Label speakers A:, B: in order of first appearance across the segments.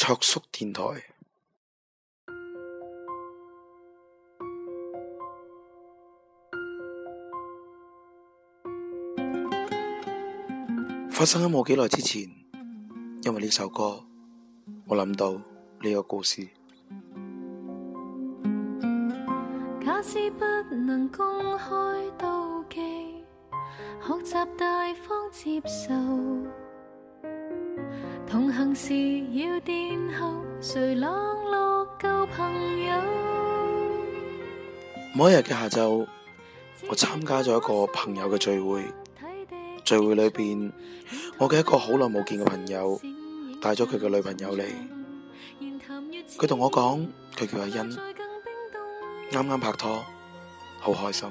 A: 卓叔電台，
B: 發生喺冇幾耐之前，因為呢首歌，我諗到呢個故事。
C: 假使不能公開妒忌，學習大方接受。某一
B: 日嘅下晝，我參加咗一個朋友嘅聚會。聚會裏邊，我嘅一個好耐冇見嘅朋友帶咗佢嘅女朋友嚟。佢同我講，佢叫阿欣，啱啱拍拖，好開心。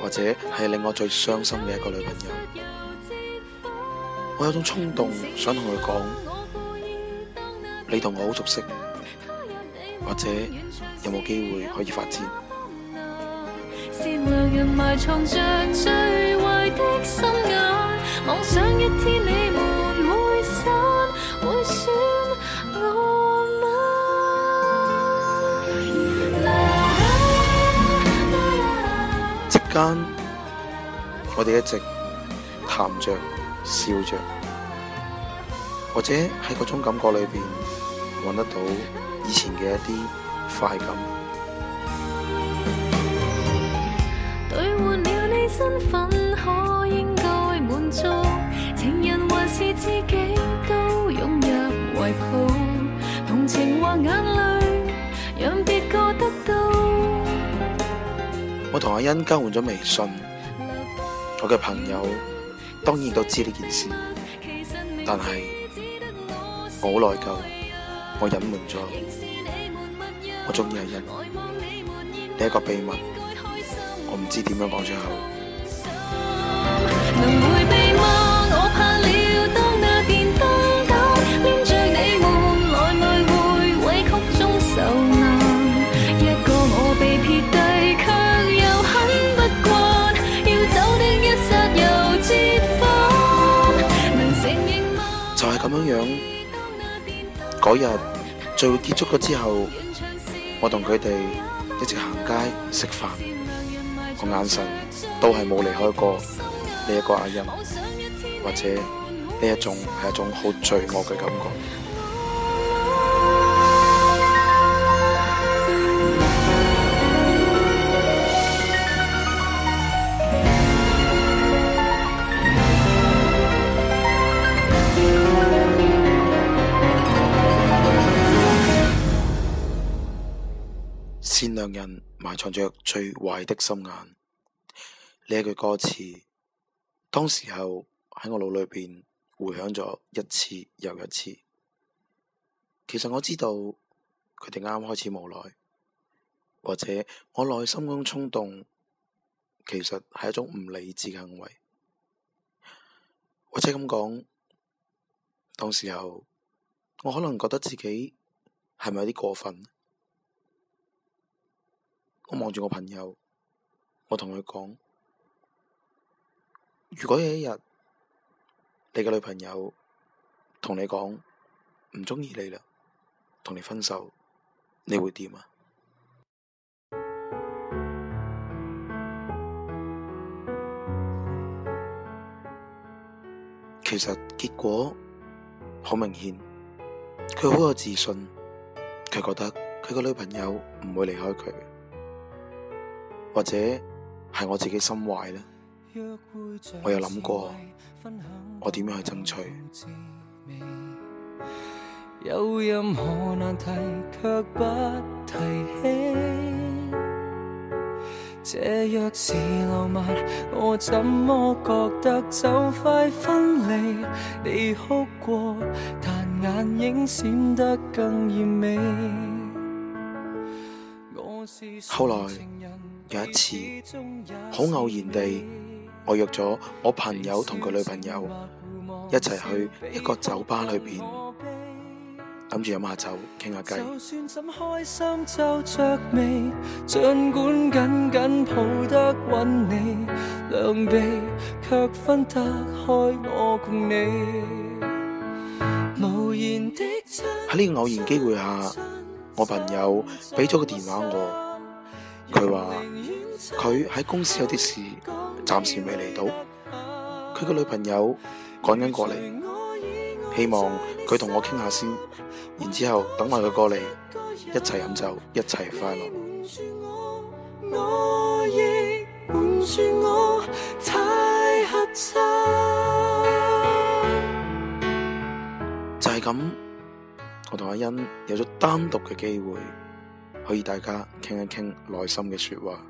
B: 或者係令我最傷心嘅一個女朋友，我有種衝動想同佢講，你同我好熟悉，或者有冇機會可以發
C: 展？
B: 間，我哋一直談着、笑着，或者喺嗰種感覺裏面揾得到以前嘅一啲快感。同阿欣交換咗微信，我嘅朋友當然都知呢件事，但係我好內疚，我隱瞞咗，我中意阿欣，呢一個秘密我唔知點樣講出口。嗰日聚會結束咗之後，我同佢哋一直行街食飯，個眼神都係冇離開過呢一個阿欣，或者呢一種係一種好罪惡嘅感覺。善良人埋藏着最壞的心眼，呢一句歌詞，當時候喺我腦裏邊回響咗一次又一次。其實我知道佢哋啱啱開始無奈，或者我內心嗰種衝動，其實係一種唔理智嘅行為，或者咁講，當時候我可能覺得自己係咪有啲過分？我望住我朋友，我同佢講：如果有一日你嘅女朋友同你講唔中意你啦，同你分手，你會點啊？其實結果好明顯，佢好有自信，佢覺得佢個女朋友唔會離開佢。或者係我自己心壞呢？
A: 我有諗過，我點樣去爭取？有任何難題卻不提起，這若是浪漫，我怎麼覺得就快分離？你哭過，但眼影閃得更豔美。後來。
B: 有一次，好偶然地，我約咗我朋友同佢女朋友一齊去一個酒吧裏邊，諗住
A: 飲下酒傾下偈。 喺呢個偶然
B: 機會下，我朋友俾咗個電話我。佢話佢喺公司有啲事，暫時未嚟到。佢個女朋友趕緊過嚟，希望佢同我傾下先，然之後等埋佢過嚟，一齊飲酒，一齊快樂。
A: 樂就
B: 係咁，我同阿欣有咗單獨嘅機會。可以大家傾一傾內心嘅説
A: 話，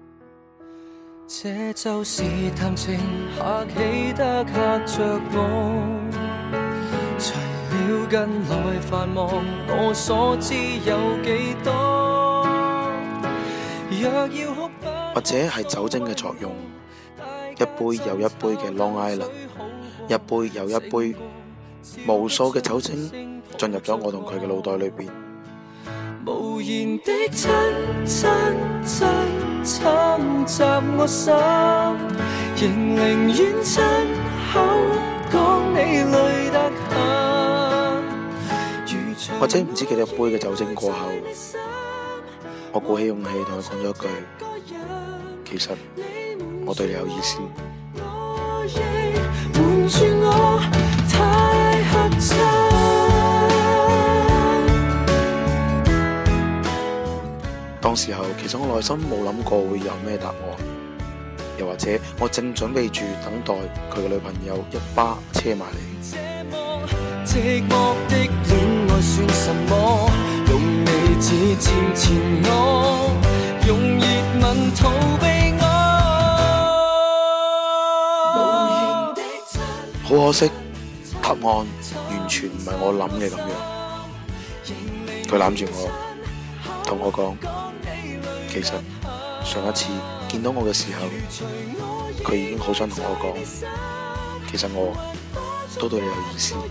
A: 或者
B: 係酒精嘅作用，一杯又一杯嘅 Long Island，一杯又一杯，無數嘅酒精進入咗我同佢嘅腦袋裏邊。
A: 無言的親親親親浸浸我心，仍寧願親口講你累得很如除我以外在你心，或者唔知幾多
B: 杯嘅酒精過後，我鼓起勇氣同佢講咗句，其實我對你有意思。時候，其實我內心冇諗過會有咩答案，又或者我正準備住等待佢嘅女朋友一
A: 巴車埋嚟。好
B: 可惜，答案完全唔係我諗嘅咁樣。佢攬住我，同我講。其實上一次見到我嘅時候，佢已經好想同我講，其實我
D: 都對你有意思。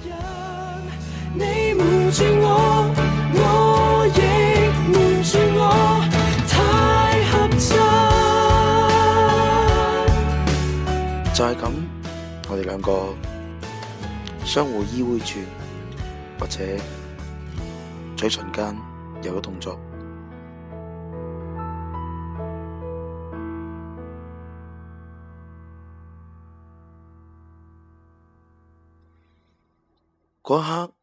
D: 就
B: 係咁，我哋兩個相互依偎住，或者嘴唇間又有動作。嗰一刻，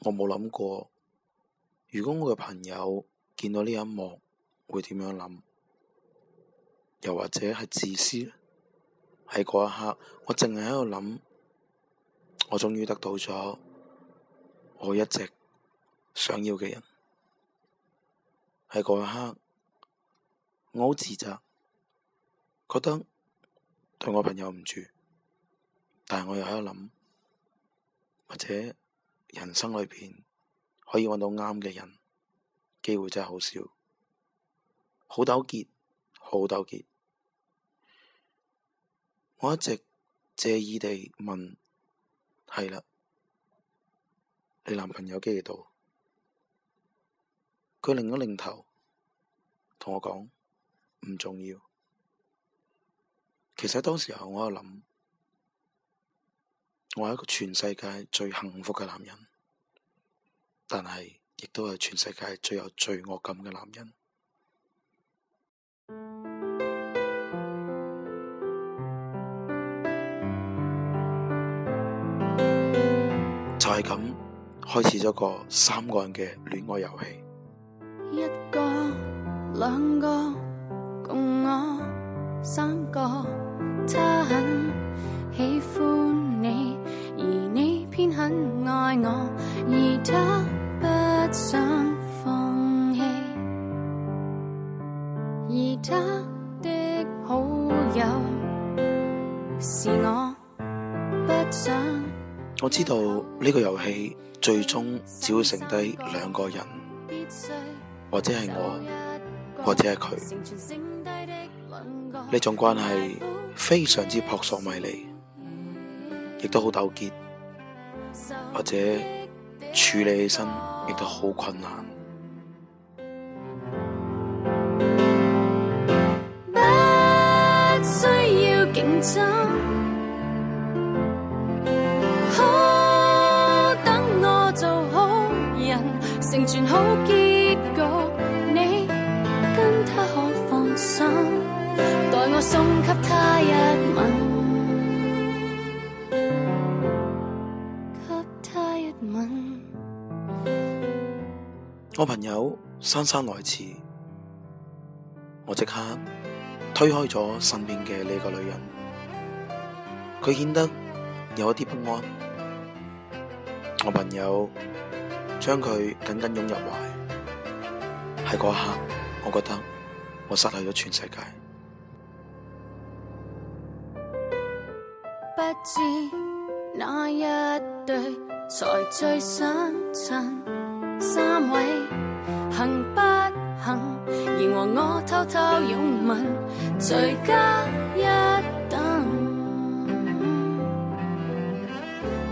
B: 我冇諗過，如果我嘅朋友見到呢一幕，會點樣諗？又或者係自私？喺嗰一刻，我淨係喺度諗，我終於得到咗我一直想要嘅人。喺嗰一刻，我好自責，覺得對我朋友唔住，但係我又喺度諗。或者人生裏邊可以揾到啱嘅人，機會真係好少，好糾結，好糾結。我一直借意地問：係啦，你男朋友幾時到？佢擰一擰頭，同我講唔重要。其實喺當時候，我喺度諗。我係一個全世界最幸福嘅男人，但係亦都係全世界最有罪惡感嘅男人。就係咁開始咗個三個人嘅戀愛遊戲，
C: 一個、兩個、共我三個，他很喜歡。很愛我，而他不想放棄。而他的好友，是我。
B: 我知道呢個遊戲最終只會剩低兩個人，
C: 或者係我，或者係佢。
B: 呢種關係非常之撲朔迷離，亦都好糾結。或者處理起身亦都好困難。
C: 不需要競爭，好等我做好人，成全好結局。你跟他可放心，待我送給他一吻。
B: 我朋友姍姍來遲，我即刻推開咗身邊嘅呢個女人，佢顯得有一啲不安。我朋友將佢緊緊擁入懷，喺嗰一刻，我覺得我失去咗全世界。
C: 不知哪一對才最相襯。三位行不行？仍和我，我偷偷擁吻，再加一等。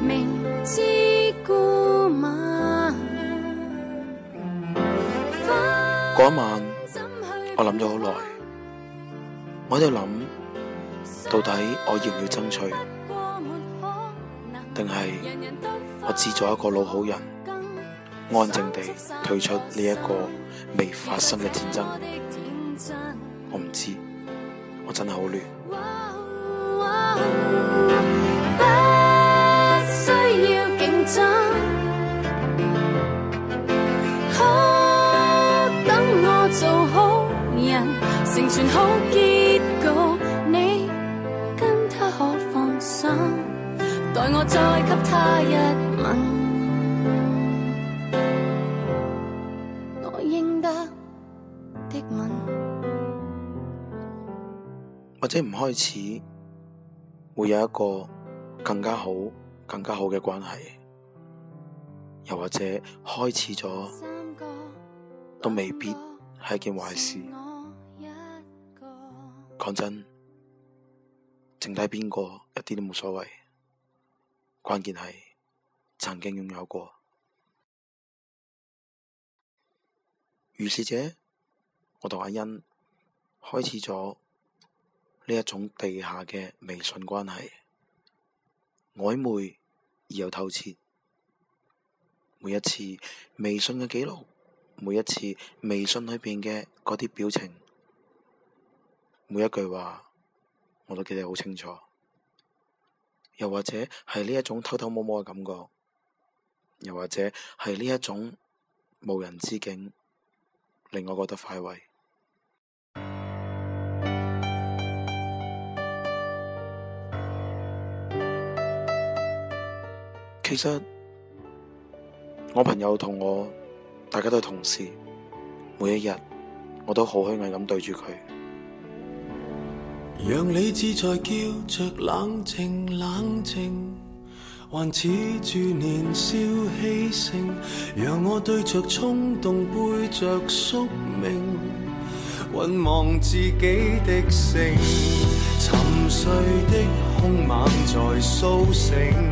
C: 明知故問。嗰一晚，
B: 我諗咗好耐，我喺度諗，到底我要唔要爭取，定係我只做一個老好人？安靜地退出呢一個未發生嘅戰爭，我唔知，我真係好亂。
C: 不需要競爭，可、啊、等我做好人，成全好結果，你跟他可放心，待我再給他一。
B: 即唔開始，會有一個更加好、更加好嘅關係；又或者開始咗，都未必係一件壞事。講真，剩低邊個一啲都冇所謂，關鍵係曾經擁有過。如是者，我同阿欣開始咗。呢一種地下嘅微信關係，曖昧而又透徹。每一次微信嘅記錄，每一次微信裏邊嘅嗰啲表情，每一句話，我都記得好清楚。又或者係呢一種偷偷摸摸嘅感覺，又或者係呢一種無人之境，令我覺得快慰。其實我朋友同我，大家都係同事，每一日我都好虛偽咁對住佢。
D: 讓理智在叫着冷靜冷靜，還恃住年少氣盛，讓我對着衝動背着宿命，渾忘自己的性。沉睡的凶猛在蘇醒。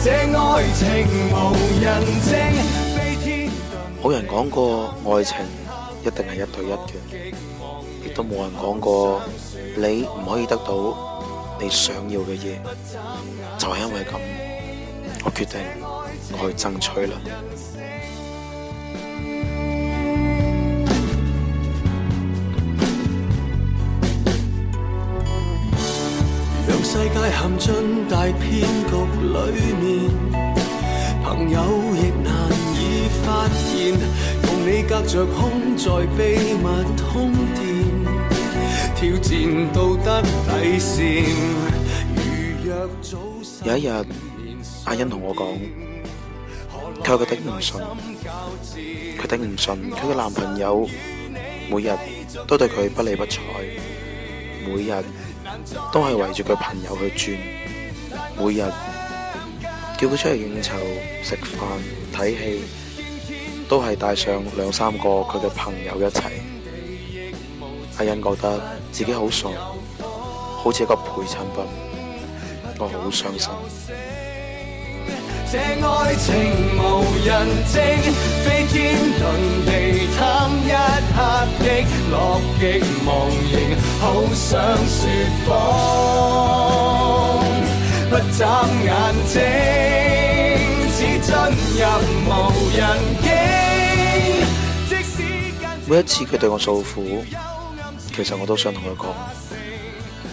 B: 冇人講過愛情一定係一對一嘅，亦都冇人講過你唔可以得到你想要嘅嘢，就係因為咁，我決定我去爭取啦。
D: 有一日，阿欣同我講，佢話佢頂唔順，佢頂
B: 唔順，佢嘅男朋友每日都對佢不理不睬，每日。都係圍住佢朋友去轉，每日叫佢出去應酬、食飯、睇戲，都係帶上兩三個佢嘅朋友一齊。阿欣覺得自己好傻，好似一個陪襯品，我好傷心。
D: 這愛情無人證，飛天遁地貪一刻的樂極忘形，好想說謊，不眨眼睛，似進入無人境。
B: 每一次佢對我訴苦，其實我都想同佢講，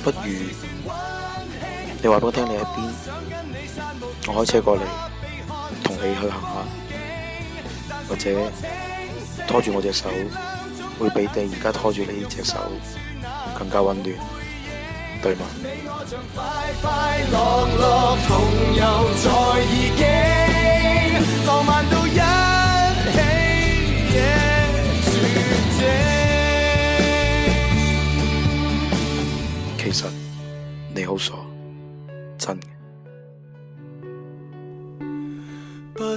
B: 不如你話俾我聽，你喺邊？我開車過嚟，同你去行下，或者拖住我隻手，會比你而家拖住你隻手更加溫暖，對嗎？其實你好傻，真的。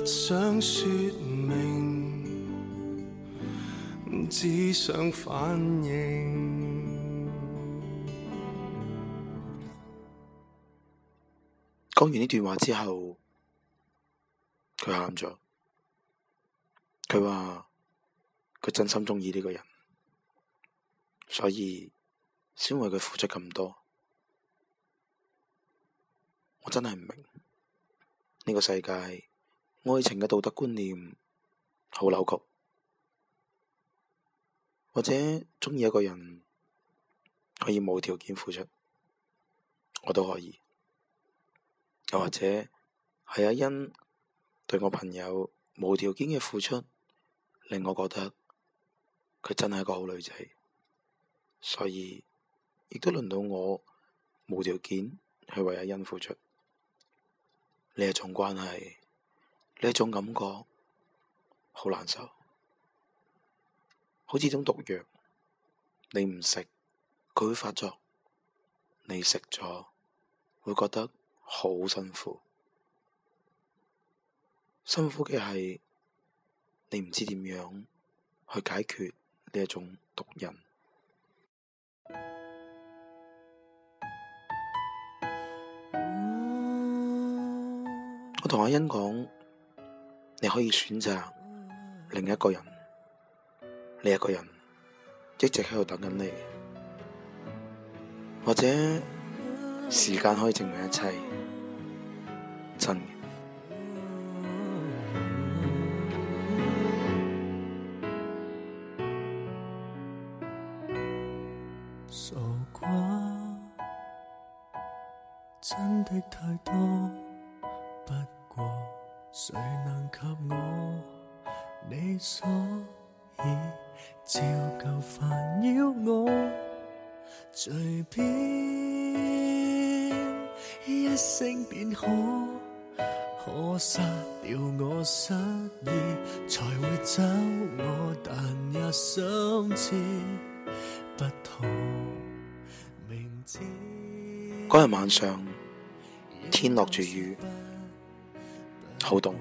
D: 不想說明，唔只想反應。
B: 講完呢段話之後，佢喊咗。佢話佢真心鍾意呢個人，所以先為佢付出咁多。我真係唔明呢個世界。愛情嘅道德觀念好扭曲，或者鍾意一個人可以無條件付出，我都可以。又或者係阿欣對我朋友無條件嘅付出，令我覺得佢真係個好女仔，所以亦都輪到我無條件去為阿欣付出呢一種關係。呢種感覺好難受，好似種毒藥，你唔食佢會發作，你食咗會覺得好辛苦，辛苦嘅係你唔知點樣去解決呢一種毒癮。 我同阿欣講。你可以選擇另一個人，另一個人一直喺度等緊你，或者時間可以證明一切真嘅。
E: 傻瓜，真的太多，不過。誰能給我？我，我。我，你所以照舊煩擾我，隨
A: 便一聲便可
D: 可殺掉我，失意才會找我，但也心知不妥。明知
B: 嗰日晚上，天落住雨。好凍，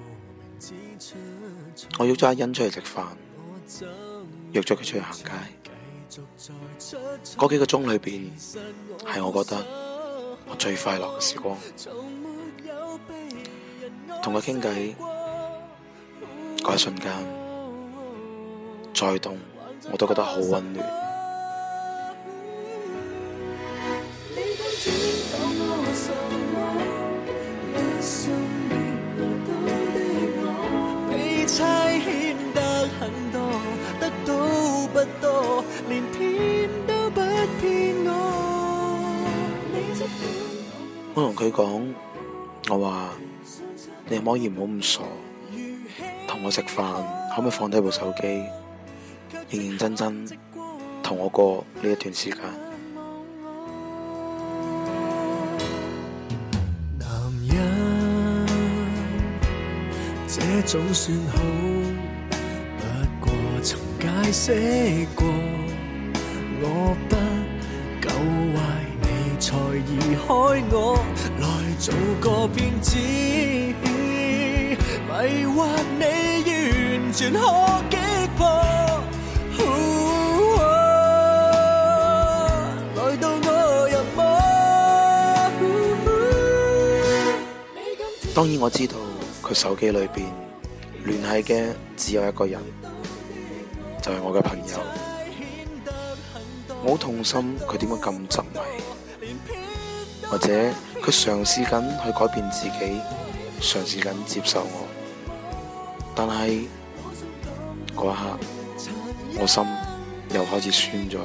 B: 我約咗阿欣出嚟食飯，約咗佢出去行街。嗰幾個鐘裏邊，
D: 係我覺得
B: 我最快樂嘅時光。同佢傾偈嗰一瞬間，再凍我都覺得好溫暖。你講，我話你可唔可以唔好咁傻，同我食飯，可唔可以放低部手機，認認真真同我過呢一段時間？
E: 男人，這總算好，不過曾解釋過，
A: 當然我知道佢
B: 手機裏邊聯繫嘅只有一個人，就係、是、我嘅朋友。我好痛心，佢點解咁執迷？或者佢嘗試緊去改變自己，嘗試緊接受我，但係嗰一刻我心又開始酸咗。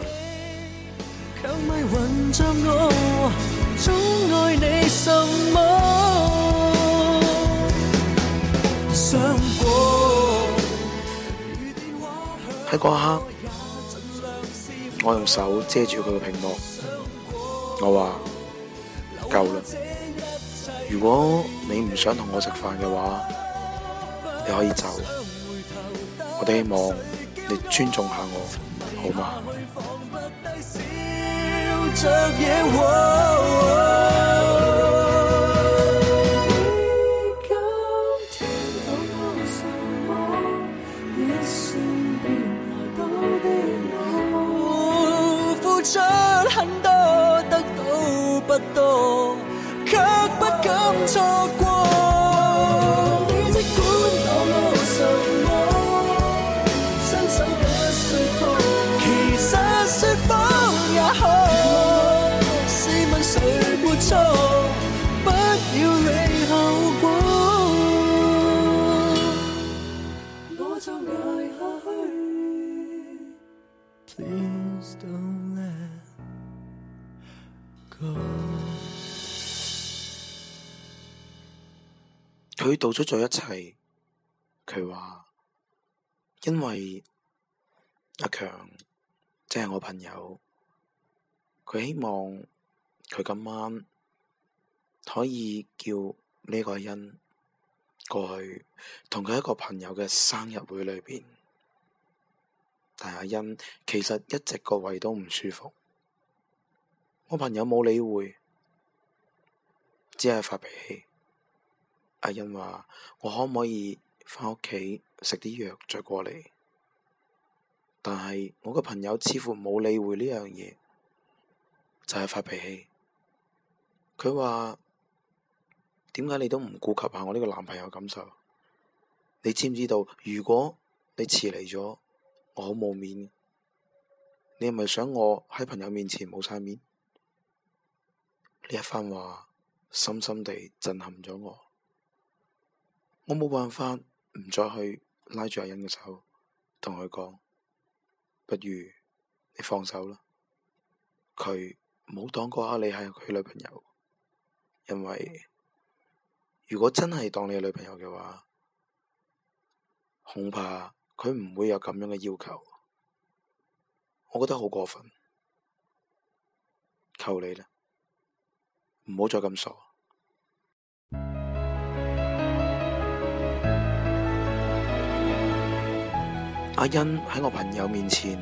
E: 喺嗰 一刻，
B: 我用手遮住佢嘅屏幕，我話。夠啦！如果你唔想同我食飯嘅話，你可以走。我哋希望你尊重下
A: 我，好嗎？
B: 付出咗一切，佢話因為阿強，即係我朋友，佢希望佢今晚可以叫呢個欣過去同佢一個朋友嘅生日會裏邊，但阿欣其實一直個胃都唔舒服，我朋友冇理會，只係發脾氣。阿欣話：我可唔可以返屋企食啲藥再過嚟？但係我個朋友似乎冇理會呢樣嘢，就係、是、發脾氣。佢話：點解你都唔顧及下我呢個男朋友感受？你知唔知道？如果你遲嚟咗，我好冇面。你係咪想我喺朋友面前冇晒面？呢一番話深深地震撼咗我。我冇辦法唔再去拉住阿欣嘅手，同佢講，不如你放手啦。佢冇當過阿你係佢女朋友，因為如果真係當你女朋友嘅話，恐怕佢唔會有咁樣嘅要求。我覺得好過分，求你啦，唔好再咁傻。阿欣喺我朋友面前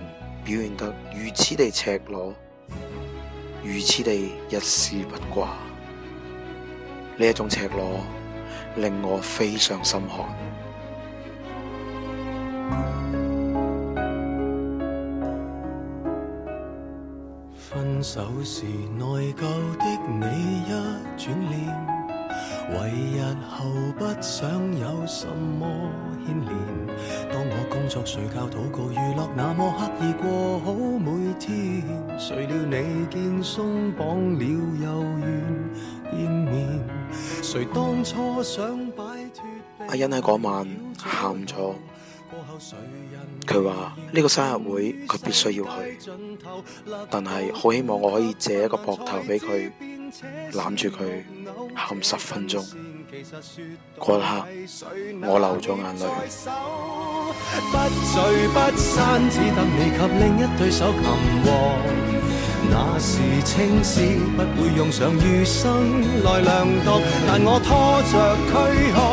B: 表現得如此地赤裸，如此地一絲不掛。呢一種赤裸令我非常
D: 心寒。分手時內疚的你一轉臉。為日後不想想有什麼牽連，當我工作、睡覺、禱告、娛樂、那麼刻意過好每天。誰料你見鬆綁了又願見面，誰當初想擺脫。
B: 阿欣喺嗰晚喊咗，佢話呢個生日會佢必須要去，但係好希望我可以借一個膊頭俾佢。攬住佢喊十分鐘，嗰一刻我流
D: 咗眼淚。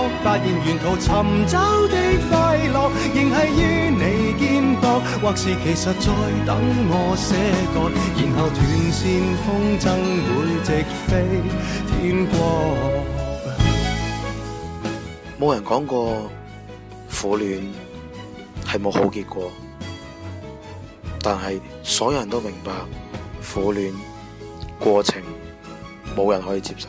D: 發現沿途尋找的快樂，仍繫於你肩膊；或是其實在等我些個，然後斷線風箏會直飛天國。冇人
B: 講過苦戀係冇好結果，但係所有人都明白苦戀過程冇人可以接受。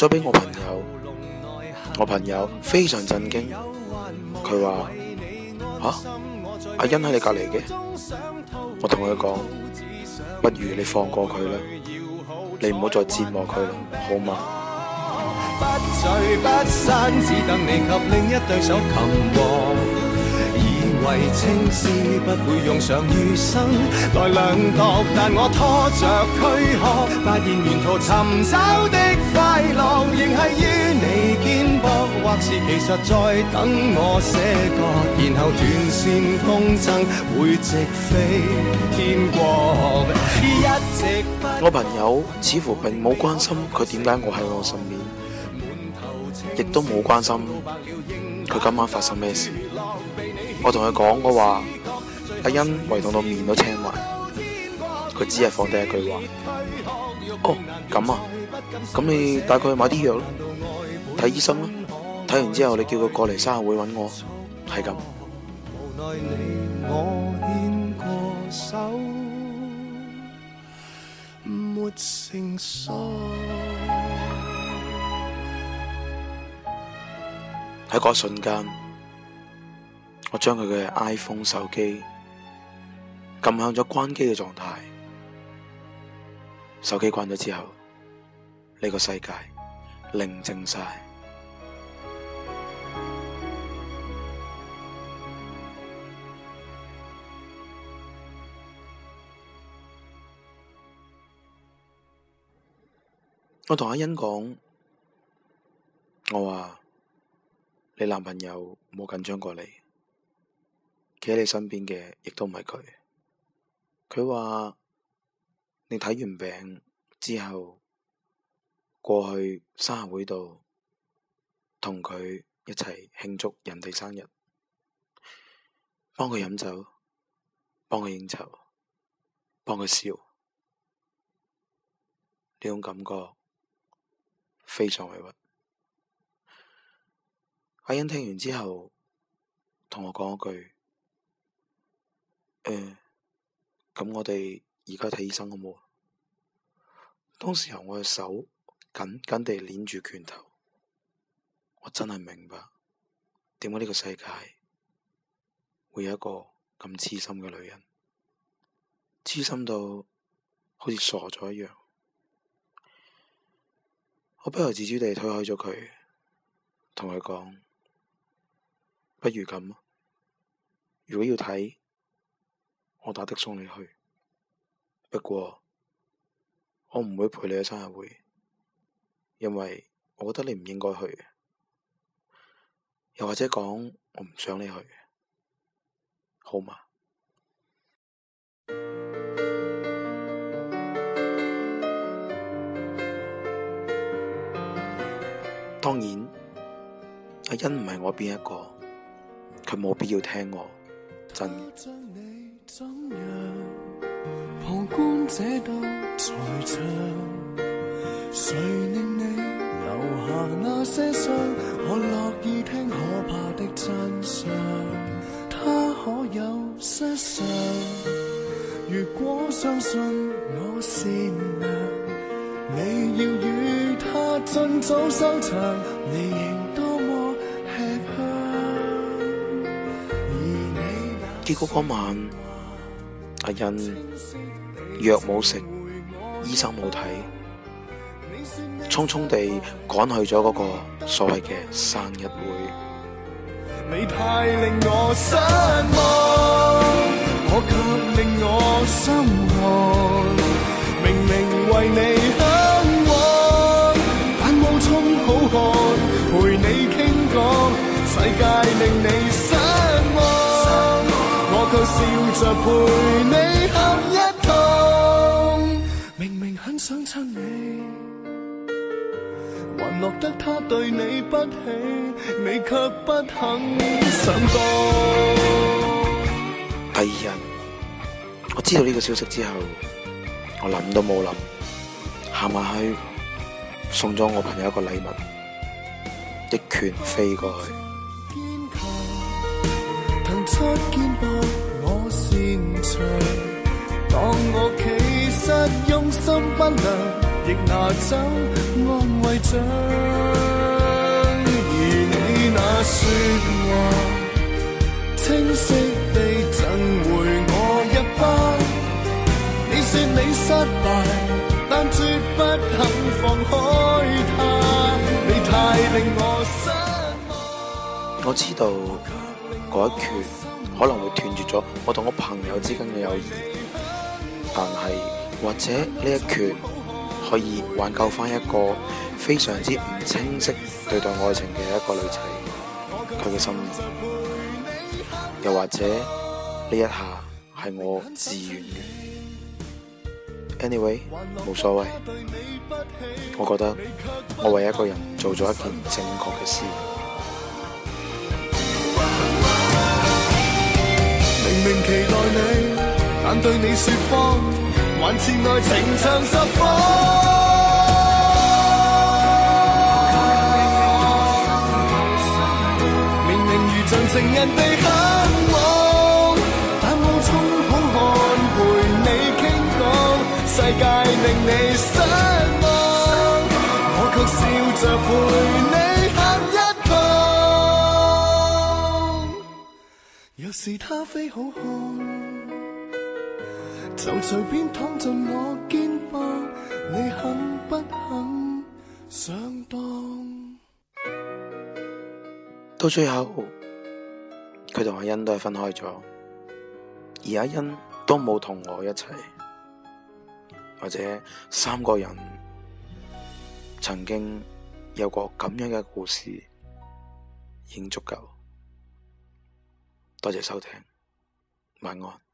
B: 再俾我朋友，我朋友非常震驚，佢話吓，阿欣喺你隔籬嘅，我同佢講，不如你放過佢啦，你唔好再折磨佢啦，好嗎？
D: 我朋友似乎
B: 並冇關心佢點解我喺我身邊，亦都冇關心佢今晚發生咩事。我同佢講我話，阿欣圍到面都青埋，佢只係放低一句話。哦，咁啊！咁你帶佢去買啲藥咯，睇醫生囉。睇完之後，你叫佢過嚟生日會揾我，係
D: 咁。喺嗰
B: 瞬間，我將佢嘅 iPhone 手機撳向咗關機嘅狀態。手機關咗之後。呢個世界寧靜晒。我同阿欣講，我話你男朋友冇緊張過你，企喺你身邊嘅亦都唔係佢。佢話你睇完病之後。過去生日會度，同佢一齊慶祝人哋生日，幫佢飲酒，幫佢應酬，幫佢笑，呢種感覺非常委屈。阿欣 聽完之後，同我講一句：誒、呃，咁我哋而家睇醫生好冇？
E: 當時
B: 候我嘅手，緊緊地捏住拳頭，我真係明白點解呢個世界會有一個咁痴心嘅女人，痴心到好似傻咗一樣。我不由自主地推開咗佢，同佢講：不如咁，如果要睇，我打的送你去。不過我唔會陪你去生日會。因為我覺得你唔應該去，又或者講，我唔想你去，好嗎？當然，阿欣唔係我邊一個，佢冇必要聽我真。
E: 我樂意聽可怕的真相，他可有失常？如果相信我善良，你要與他盡早收場。結果嗰晚，
B: 阿欣藥冇食，醫生冇睇。匆匆地趕去咗嗰個所
E: 謂嘅生日會。落得他對你不起，你卻不
B: 肯想多。 第二日，我知道呢個消息之後，我諗都冇諗，行埋去送咗我朋友一個禮物，一拳飛
E: 過去。當我其實用心不
B: 我知道，嗰一拳可能會斷絕咗我同我朋友之間嘅友誼，但係或者呢一拳。可以挽救返一個非常之唔清晰對待愛情嘅一個女仔，佢嘅心。又或者呢一下係我自願嘅，anyway 冇所謂。我覺得我為一個人做咗一件正確嘅事。
E: 明明期待你，但對你説謊。還是愛情像十方。明明如像情人被慘枉，但夢充好漢陪你傾講，世界令你失望，我卻笑着陪你行一步。若是他非好漢。就隨便躺在我肩，你肯不肯上？當
B: 到最後，佢同阿欣都係分開咗，而阿欣都冇同我一齊，或者三個人曾經有過咁樣嘅故事，已經
A: 足夠。多謝收聽，晚安。